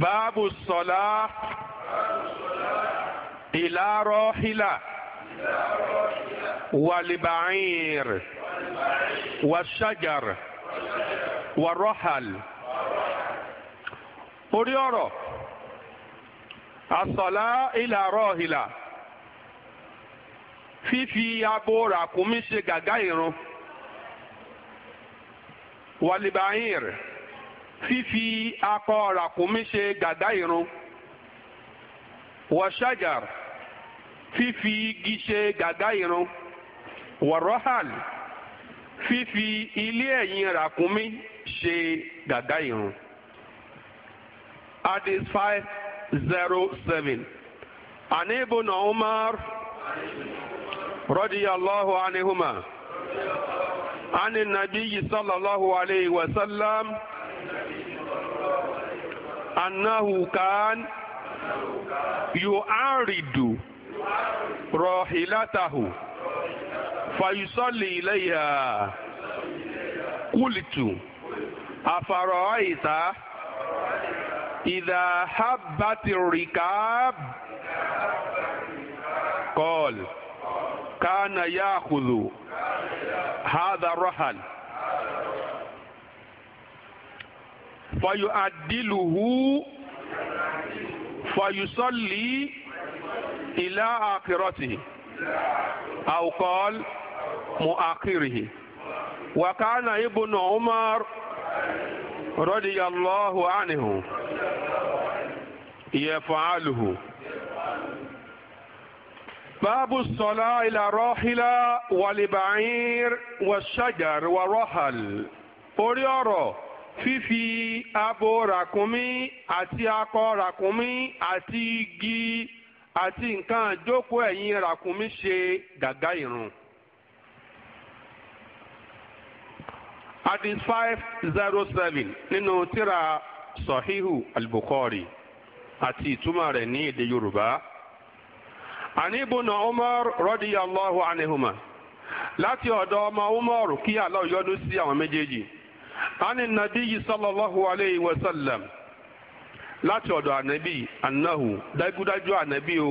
báàbù sọlá ìlà rọhìlà wàlìbàáyìr wàṣàjàr wàrọhàl orí ọ̀rọ̀ àsọlá ìlà rọhìlà fífi abo ràkúnmí ṣe gàgá ìrun wàlìbàáyìr. Fifi akọ Rakome ṣe gaga irun, wọ Shaja fifi gi se gaga iru, wọ Rahal fifi ile ịnyị Rakome se gaga iru. Ade five zero seven. A na n'ahụ mara, rọrọ di ya ọlọọhụwa n'ihu m, a nị n'agba iyi sọlọ ọlọọhụwa aleiwa sallam. أنه كان يعارض راحلته فيصلي إليها قلت أفرأيت إذا حبت الركاب قال كان يأخذ هذا الرحل فيعدله فيصلي إلى آخرته أو قال مؤخره وكان ابن عمر رضي الله عنه يفعله باب الصلاة إلى راحلة والبعير والشجر والرحل أوريورو fífi abo ràkúnmí àti akọ ràkúnmí àti igi àti nǹkan àjókòó ẹ̀yìn ràkúnmí ṣe gàgá ìrun. hadith five zero seven nínú tírà sahihu al-bukhari àti ìtumọ̀ rẹ̀ ní èdè yorùbá. àní ibùnà umar radiyallahu anihuma láti ọ̀dọ̀ ọmọ umar kí Allah yọ́nú sí àwọn méjèèjì. عن النبي صلى الله عليه وسلم lati ọ̀dọ̀ anabi anahu dájúdájú anabi o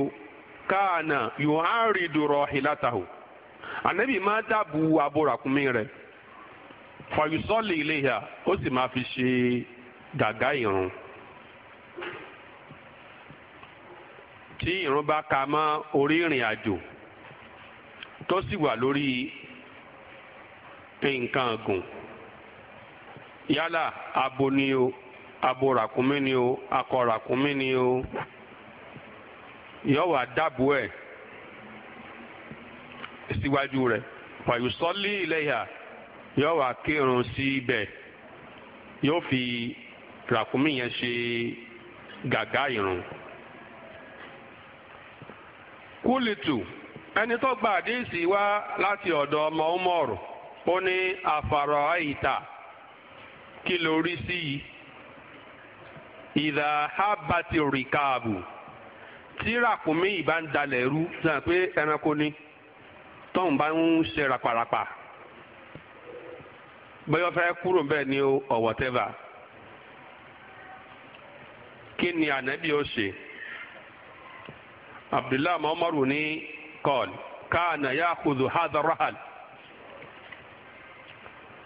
káànà yóò á rí dùrọ̀ ìlàtàhù ànábì máa dábù aborakumi rẹ̀ fàyùsọ́lì iléyà fi daga tí ìrun bá ka mọ́ orí ìrìn àjò tó sì wà lórí yálà abo ni o abo ràkúnmí ni o akọ ràkúnmí ni o yọ wà dábò ẹ síwájú rẹ̀ pàyùsọ́lì ìlẹ́yà yóò wá kírun sí ibẹ̀ yóò fi ràkúnmí yẹn ṣe gàgá ìrun. kúlìtù ẹni tó gba àdéhìsì wá láti ọ̀dọ̀ ọmọ ọmọ ọ̀rọ̀ ó ní àfàrọ̀ kí ló rí sí i ìdá habati rikaabu tí ràkúnmí ìbá ń dalẹ̀ rú sàn pé ẹranko ni tóun bá ń ṣe ràpàràpà bóyá fẹ́ kúrò bẹ́ẹ̀ ni o whatever kí ni ànábì ó ṣe abdullahi muhammadu ní kọ́ọ̀lù káànà ya'khudhu hadha rahal.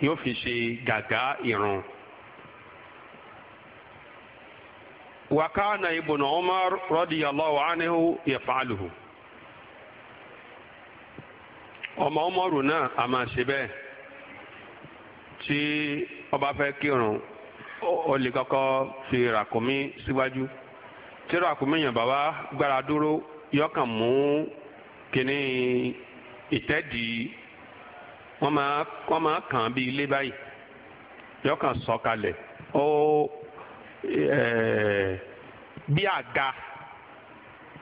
yóò fi ṣe gàgá ìrun. na ibn umar radiyallahu anhu yafaluhu ọmọ umaru náà a máa ṣe bẹ́ẹ̀ tí ọba fẹ́ kírun ó lè kọ́kọ́ fi ràkúnmí síwájú tí ràkúnmí yẹn bàbá gbára dúró yọkàn mú kínní ìtẹ́dìí wọ́n máa wọ́n máa kàn án bí ilé báyìí yọ kàn sọ̀kalẹ̀ ó bí àga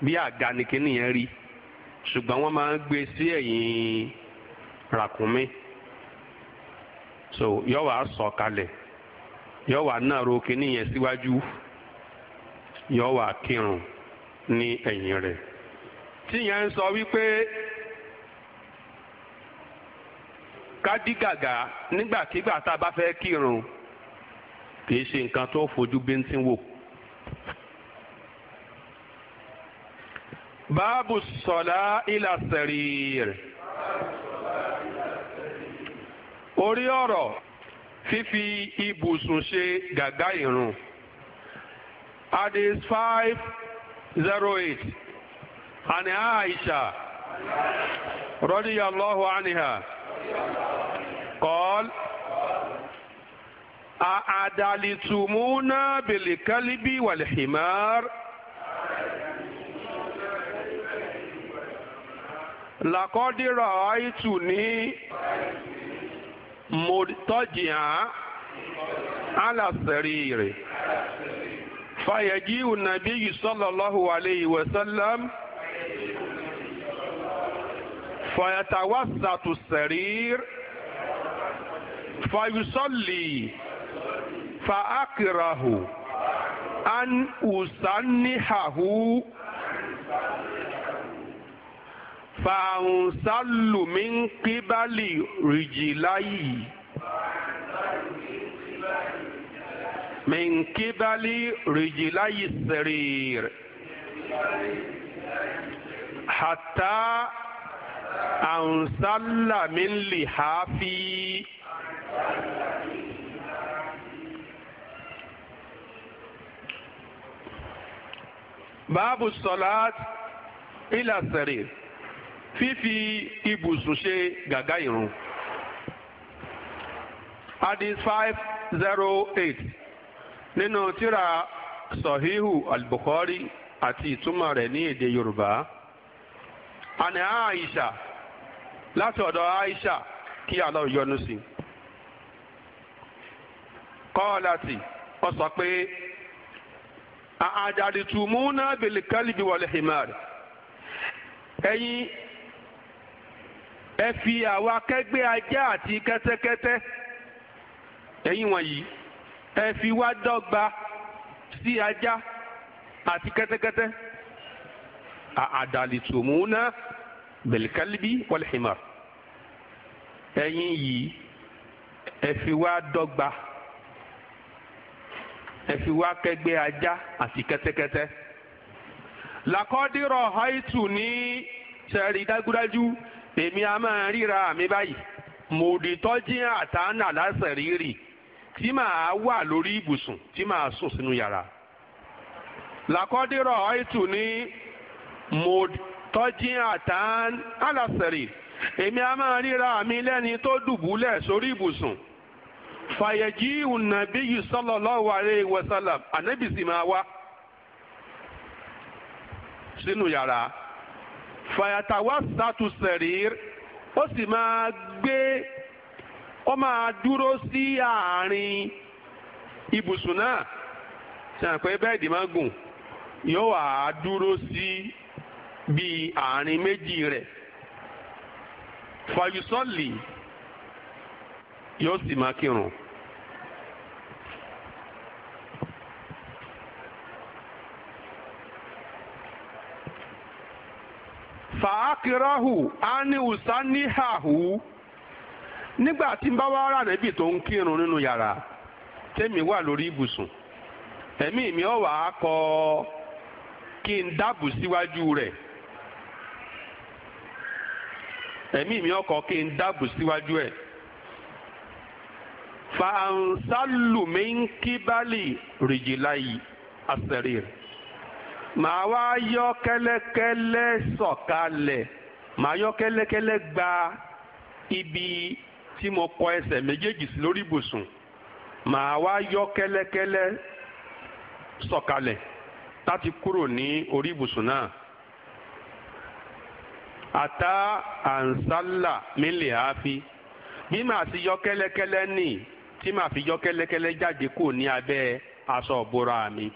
bí àga ni kíní yẹn rí ṣùgbọ́n wọ́n máa ń gbé sí ẹ̀yìn ràkúnmí so yọ sọ kalẹ̀, yọ náà ro kíní yẹn síwájú yọ wàá kírun ní ẹ̀yìn rẹ̀ tíyẹn ń sọ wípé. ká dí gàgà nígbàkigbà tá a bá fẹ́ kírun kì ṣe nǹkan tó fojú bíntín wò. báàbù sọ̀lá ìlà sẹ̀rìr orí ọ̀rọ̀ fífi ibùsùn ṣe gàgá ìrun hadith five zero eight ani aisha radiyallahu anha. قال أعدلتمونا بالكلب والحمار لقد رأيتني مرتجعا على السرير فيجيء النبي صلى الله عليه وسلم فيتوسط السرير فيصلي فأكره أن أسنحه فأنصل من قبل رجلي من قبل رجلي السرير حتى ànsálà mi ń lè ha fi. báàbù sọlá ilà sẹ̀rẹ̀ fífi ibùsùn ṣe gàgá ìrun. hadith five zero eight nínú tírà sọ̀híhù al-Bukhari àti ìtumọ̀ rẹ̀ ní èdè àní àìsà láti ọ̀dọ̀ àìsà kí Allah yọ́nú sí i kọ́ọ̀láti ó sọ pé àdàdìtùmúnà bìlìkálìbì wọlé himari ẹ̀yin ẹ fi àwọn akẹgbẹ́ ajá àti kẹtẹkẹtẹ ẹ̀yin wọ̀nyí ẹ fi wá gba sí ajá àti kẹ́tẹ́kẹ́tẹ́. àdàlìtòmúnà bẹ̀lìkálíbí wàlìhìmà ẹ̀yin yìí ẹ fi wá dọ́gba ẹ fi wá kẹ́gbẹ́ ajá àti kẹ́tẹ́kẹ́tẹ́ làkọ́dírọ̀ haitu ní sẹ́rí dájúdájú èmi a máa ríra mi báyìí mòdìtọ́jí àtàánà lásán rírì tí màá wà lórí ibùsùn tí màá sùn sínú yàrá làkọ́dírọ̀ haitu ní mo tọ́jí àtàn alásẹ̀rì èmi a máa ríra mi lẹ́ni tó dùbúlẹ̀ sórí ibùsùn fàyẹ̀jì ìnàbíyì sallallahu alaihi wasallam ànábì sì máa wá sínú yàrá fàyàtàwá sàtúnṣẹ̀rì ó sì máa gbé ó máa dúró sí àárín ibùsùn náà ṣàpẹ́ bẹ́ẹ̀dì máa yóò wà dúró sí bíi àárín méjì rẹ̀ fayusọ́lì yóò sì máa kírun. fàákìráhù áníhùsáníhàhù nígbà tí n bá wá rà níbi tó ń kírun nínú yàrá tèmi wà lórí ibùsùn ẹ̀mí mi ò wá kọ kí n dábù síwájú rẹ̀. ẹ̀mí mi ọkọ̀ kí n dáàbò síwájú ẹ̀. fàǹsálùmínkíbálì rìjìláyì àṣẹrì rẹ̀ màá wá yọ kẹ́lẹ́kẹ́lẹ́ sọ̀kalẹ̀ màá yọ kẹ́lẹ́kẹ́lẹ́ gba ibi tí mo kọ ẹsẹ̀ méjèèjì sí lórí ibùsùn màá wá yọ kẹ́lẹ́kẹ́lẹ́ sọ̀kalẹ̀ láti kúrò ní orí ibùsùn náà. ata ansala mílẹ̀ hafi bí màá ti yọ kẹ́lẹ́kẹ́lẹ́ nì tí màá fi yọ kẹ́lẹ́kẹ́lẹ́ jáde kù ní abẹ aṣọ mi.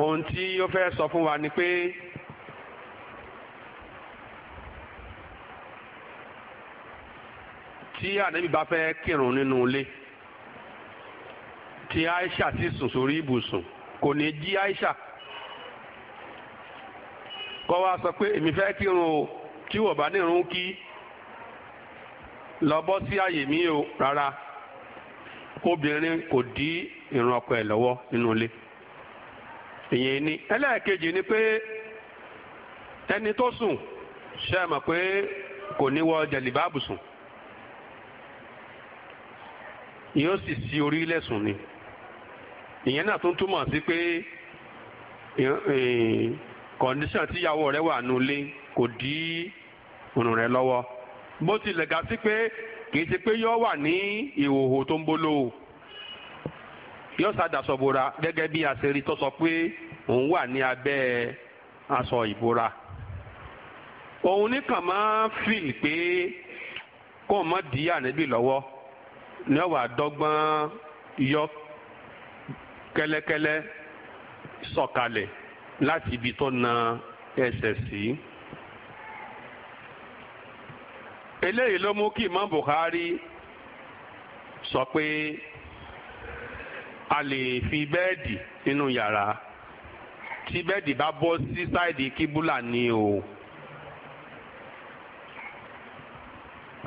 ohun tí ó fẹ́ sọ fún wa ni pé tí ànábì bá fẹ́ kírun nínú ilé tí Aisha ti sùn sórí ibùsùn kò ní jí Aisha kọ́ wa sọ pé èmi fẹ́ kírun o tí wọ́n bá nírun kí lọ bọ́ sí àyè mi o rárá obìnrin kò dí ìran ọkọ ẹ̀ lọ́wọ́ nínú ilé ìyẹn ni ẹlẹ́ẹ̀kejì ni pé ẹni tó sùn ṣe mọ̀ pé kò ní wọ jẹ̀lìbáàbù sùn yóò sì sí orí lẹ́sùn ni ìyẹn náà tún túmọ̀ sí pé eh, kọ̀ǹdíṣàn tíyàwó rẹ̀ wà nulẹ̀ kò dí òrùn rẹ̀ lọ́wọ́ bó tilẹ̀ ga sí pé kì í ṣe pé yọ wà ní ìhòòhò tó ń bolo o yọ sádà sọ̀bùra gẹ́gẹ́ bí àṣírí tó sọ pé òun wà ní abẹ́ aṣọ ìbora òun nìkan máa ń fìl pé kó mọ́ di ànábì lọ́wọ́ ní ọ̀wà dọ́gbọ́n yọ kẹ́lẹ́kẹ́lẹ́ sọ̀kalẹ̀. So láti ibi tó na ẹsẹ̀ sí. eléyìí ló mú kí Imam Bukhari sọ pé a lè fi bẹ́ẹ̀dì nínú yàrá tí bẹ́ẹ̀dì bá bọ́ sí sáìdì kíbúlà ni o.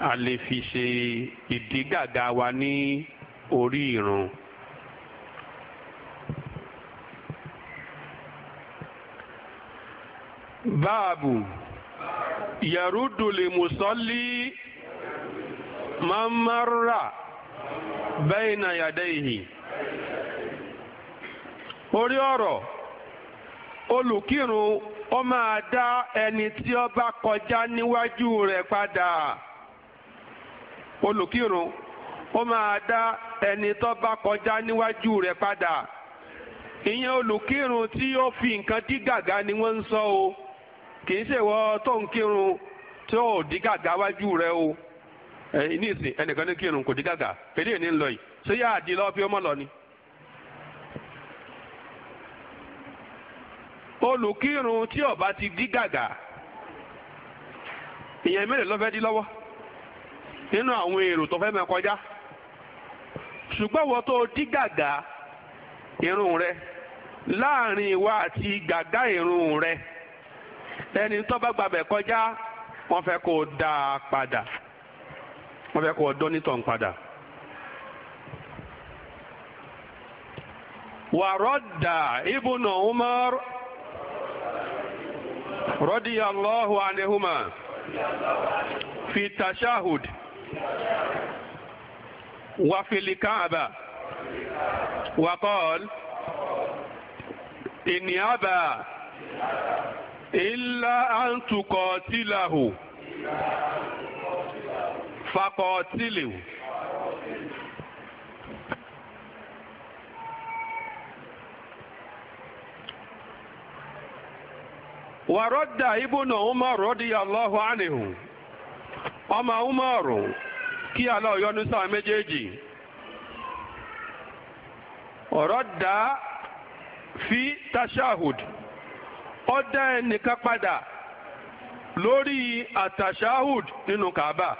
a lè fi ṣe ìdígàgá wa ní orí ìrun. báàbù yarudu li musalli man marra bayna yadayhi orí ọ̀rọ̀ olùkírun ó máa dá ẹni tí ó bá kọjá níwájú rẹ̀ padà olùkírun ó máa tí ó fi nǹkan dí ni wọ́n ń sọ o. kì í ṣèwọ tó ń kírun tí ó di gàgà wájú rẹ o ní ìsìn ẹnìkan ní kírun kò di gàgà pèlè ní lọ yìí ṣé yáà di lọ bí ó lọ ni. olùkírun tí ọba bá ti di gàgà ìyẹn mélòó ló fẹ́ di lọ́wọ́ nínú àwọn èrò tó fẹ́ mẹ́ kọjá ṣùgbọ́n wọ́n tó di gàgà irun rẹ láàrin ìwà àti gàgà irun rẹ. ẹni tó bá gbàbẹ̀ kọjá wọ́n fẹ́ kó dá a padà wọ́n fẹ́ kó dọ́ nítàn padà. wàrọ́dà ibùnà Umar radiyallahu anihuma fi tashahud wa fil Kaaba wa qala illa an tuqatilahu faqatilu ورد ابن عمر رضي الله عنه ọmọ umar kí aláwọ̀ nụsọ sáà méjèèjì ọ̀rọ̀ dá fi tashahud Ọ dá padà lórí àtàṣáhùd nínú kaaba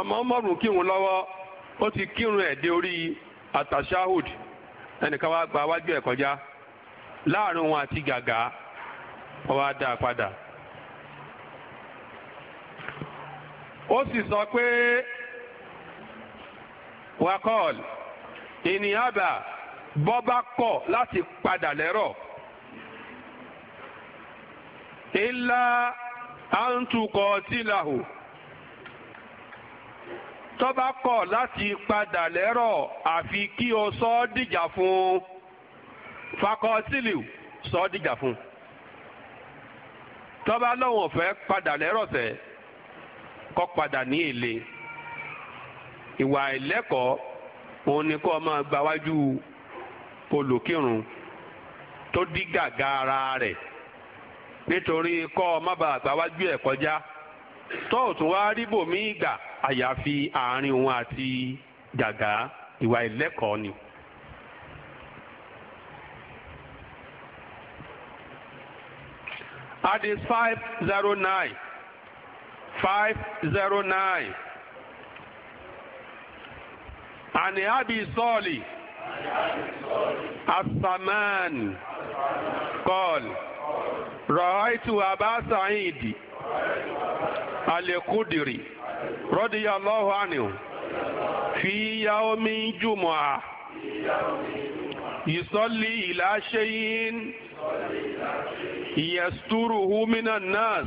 ọmọ ọmọrùn kírun lọwọ ó ti kírun ẹ̀ dé orí àtàṣáhùd ẹnìkan wá gba wájú ẹ̀ kọjá láàrin wọn àti gàgà ó wá dá padà. sọ pé ènìyàn àbà bọ́ bá kọ̀ láti padà ilá àǹtukọ̀ tìlàhù tọ́ba kọ̀ láti padà lẹ́rọ̀ àfi kí o sọ ọ́ dìjà fún fakọ́tìlù sọ ọ́ dìjà fún Tọ́bá lọ́wọ́n fẹ́ padà lẹ́rọ̀ tẹ́ kọ́ padà ní èlé ìwà ìlẹ́kọ̀ọ́ òun ni kó máa gbáwájú olùkírun tó dí gàgà ara rẹ̀. nítorí kọ́ ọ má bàa gbáwájú ẹ̀ kọjá tóòtù wá ríbò mí gbà àyàfi àárín òun àti jàgá ìwà ìlẹ́kọ̀ọ́ ni. Hadis five zero nine five zero nine ani abi sọ́ọ̀lì asaman kọ́ọ̀lì. رأيت أبا سعيد الخدري رضي الله عنه في يوم جمعة يصلي إلى شيء يستره من الناس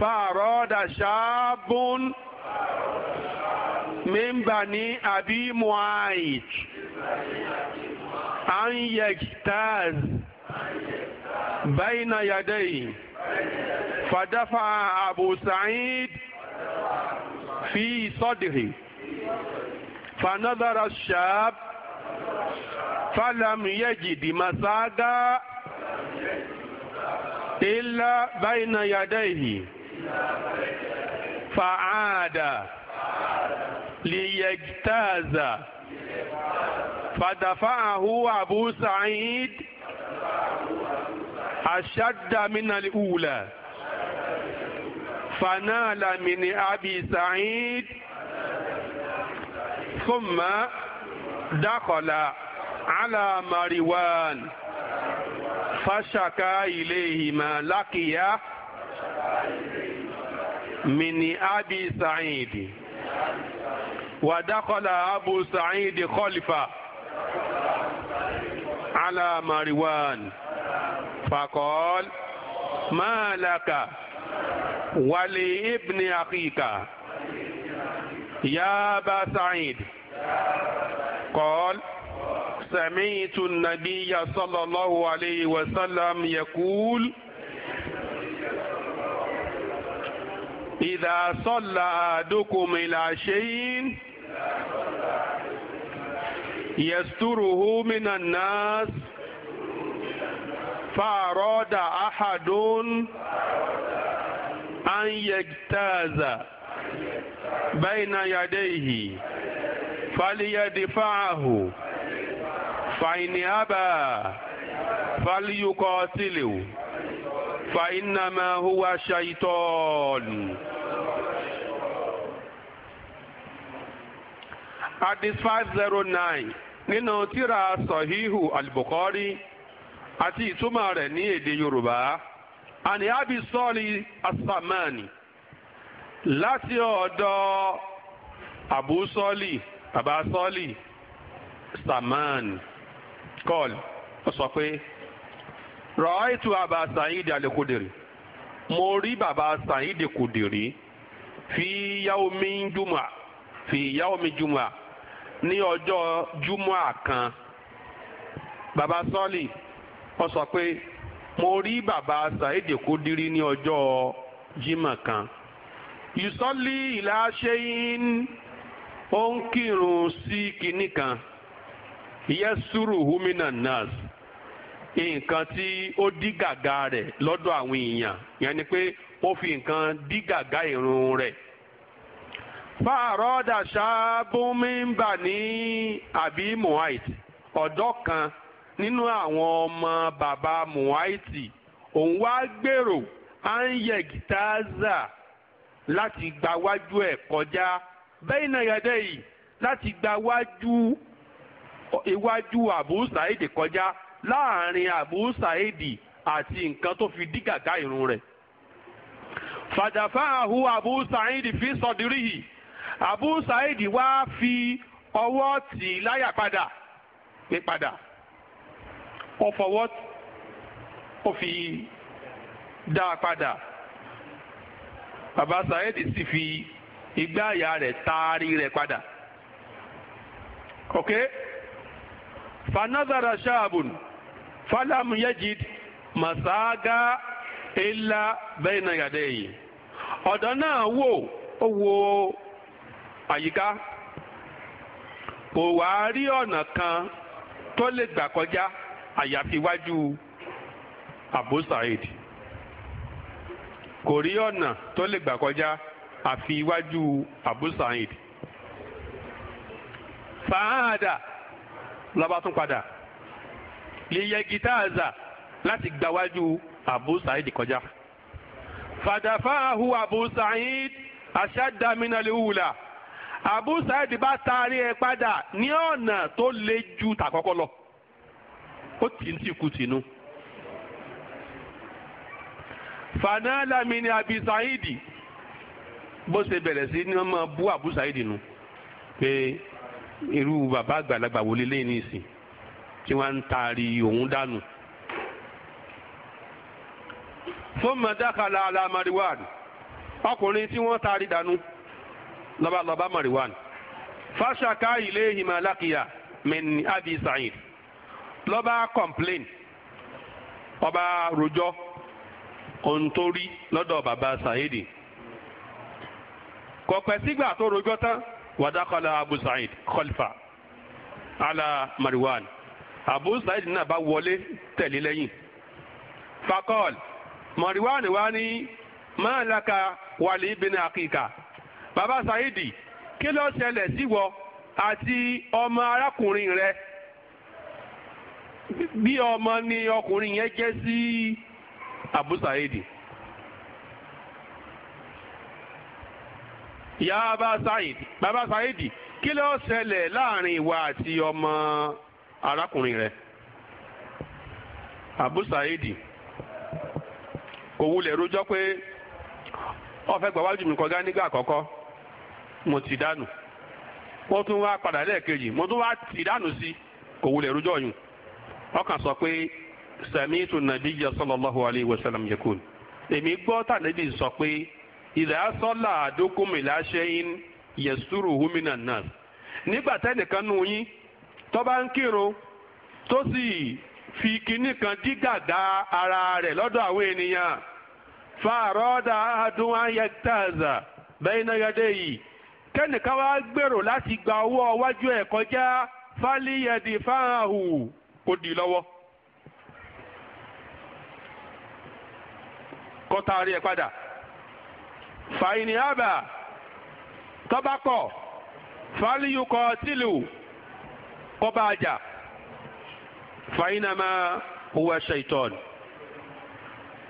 فأراد شاب من بني أبي معاذ أن يجتاز بين يديه فدفع أبو سعيد في صدره فنظر الشاب فلم يجد مسادا إلا بين يديه فعاد ليجتاز فدفعه أبو سعيد ashadda min al-ula fanala min abi sa'id thumma dakhala ala marwan fashaka ilayhi ma laqiya من أبي سعيد ودخل أبو سعيد خلفه على مروان فقال ما لك ولابن أخيك يا أبا سعيد قال سمعت النبي صلى الله عليه وسلم يقول إذا صلى أحدكم إلى شيء يستره من الناس فأراد أحد أن يجتاز بين يديه فليدفعه فإن أبى فليقاتله فإنما هو شيطان At this 509 nínú tíra sọ̀híhù al-Bukhari àti ìtumọ̀ rẹ̀ ní èdè Yorùbá àní abi sọ́ọ̀lì asamani láti ọ̀dọ̀ abu sọ́ọ̀lì baba sọ́ọ̀lì samani kọ́ọ̀l ó sọ pé ra'aytu àbá sàyídì al-Kudiri mo rí baba sàyídì Kudiri fi yawmi juma fi yawmi juma. ní ọjọ́ júmọ́à kan bàbá sọ́ọ̀lì ọ sọ pé mo rí bàbá Saheed Kúdírì ní ọjọ́ jímọ̀ kan ìsọ́lì ìlàṣẹ́yìn ó ń kírun sí kinní kan yẹ́sùrù humina nas nǹkan tí ó dí gàgà rẹ̀ lọ́dọ̀ àwọn èèyàn yẹn ni pé ó fi nǹkan dí gàgà ìrun rẹ̀ fàárọ̀dà ṣáàbùmíńbà ní àbí muhait ọ̀dọ́ kan nínú àwọn ọmọ bàbá muhait òun wá gbèrò anyegitaza láti gba wájú ẹ̀ kọjá bẹ́ẹ̀ náà yàtọ̀ yìí láti gba wájú iwájú Abu Said kọjá láàrin Abu Said àti nǹkan tó fi dígàgá irun rẹ̀ fàdàfáàhù Abu Said fi sọdírí yìí Abu Said wa fi ọwọ́ tì í láyà padà pé padà ó fọwọ́ ó fi dá a padà bàbá Said sì fi igbá àyà rẹ̀ taari rẹ̀ padà. ok fanazara shaabun falam yajid masaga illa bẹ́ẹ̀ na yàdẹ́ yìí ọ̀dọ́ náà wò ó wo àyíká kò wá rí ọ̀nà kan tó lè gbà kọjá àyàfi wájú Abu Said kò rí ọ̀nà tó lè gbà kọjá àfi iwájú Abu Said fàáda lọ́ba tún padà lè yẹ gitaaza láti gbawájú Abu Said kọjá fàdàfáàhù Abu Said aṣáda mínàlẹ́wùlà. Abu Said bá taari ẹ padà ní ọ̀nà tó le ju tàkọ́kọ́ lọ ó tì ń tìkú tìnú. fanala mi ni Abi Saidi bó ṣe bẹ̀rẹ̀ sí ni wọ́n máa bú Abu Saidi nu pé irú bàbá àgbàlagbà wo lélẹ́yìn nìsín tí wọ́n ń taari òun dànù. fún mọ̀dákàlà alamariwa ọkùnrin tí wọ́n taari dànù lọ́ba lọ́ba mariwan fàṣàkà ilé himalakiya min abi sa'id lọ́ba complain ọba rojọ́ ohun tó rí lọ́dọ̀ baba sa'idi kò pẹ́ sígbà tó rojọ́ tán wàdàkọ̀lá abu sa'id kọlfà ala mariwan abu sa'id náà bá wọlé tẹ̀lé lẹ́yìn fakọ́l mariwan wa ni máa wàlí bin akíkà. bàbá Sahidi: kí ló ṣẹlẹ̀ síwọ àti ọmọ arákùnrin rẹ bí ọmọ ni ọkùnrin yẹn jẹ́ sí Abu Sahidi: ìyá bàbá Saidi bàbá Saidi kí ló ṣẹlẹ̀ láàrin ìwà àti ọmọ arákùnrin rẹ Abu Sahidi: kò wulẹ̀ rojọ́ pé ó fẹ́ mi kọjá nígbà àkọ́kọ́. mo ti dànù wọ́n tún wá padà lẹ́ẹ̀kejì mo tún wá ti sí yùn ọkàn sọ pé sami tu nabiyya sallallahu alayhi wa sallam yakun èmi gbọ́ tànàbí sọ pé idha salla ahadukum ila shay'in yasturuhu minan nígbà tẹ́nìkan nù yín tó ń kírun tó sì fi kinní kan dí gàgà ara rẹ̀ lọ́dọ̀ àwọn ènìyàn fa kẹ́nìkan wá gbèrò láti gba owó ọwájú ẹ̀ kọjá fálíyẹ̀dì fáhàhù kò dì lọ́wọ́. kọ́ta rí ẹ padà fàyìní àbà tọ́bákọ̀ fàlíyùkọ̀ tìlù kọ́ba àjà fàyínàmá huwa ṣaitan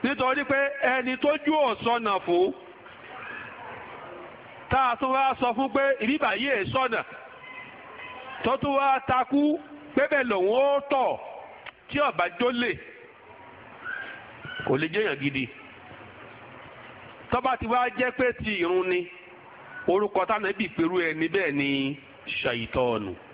nítorí pé ẹni tó ju ọ̀sán náà fún tá a tún wá sọ fún pé ìbíbà yìí è sọ̀nà tó tún wá takú pé bẹ́ẹ̀ lòun ó tọ̀ tí ọ̀bà jólè kò lè jẹ́yàn gidi tọ́ba ti wá jẹ́ pé ti ìrun ni orúkọ tánà bí ìpẹ́rú ẹni bẹ́ẹ̀ ni ṣàìtọ́ọ̀nù.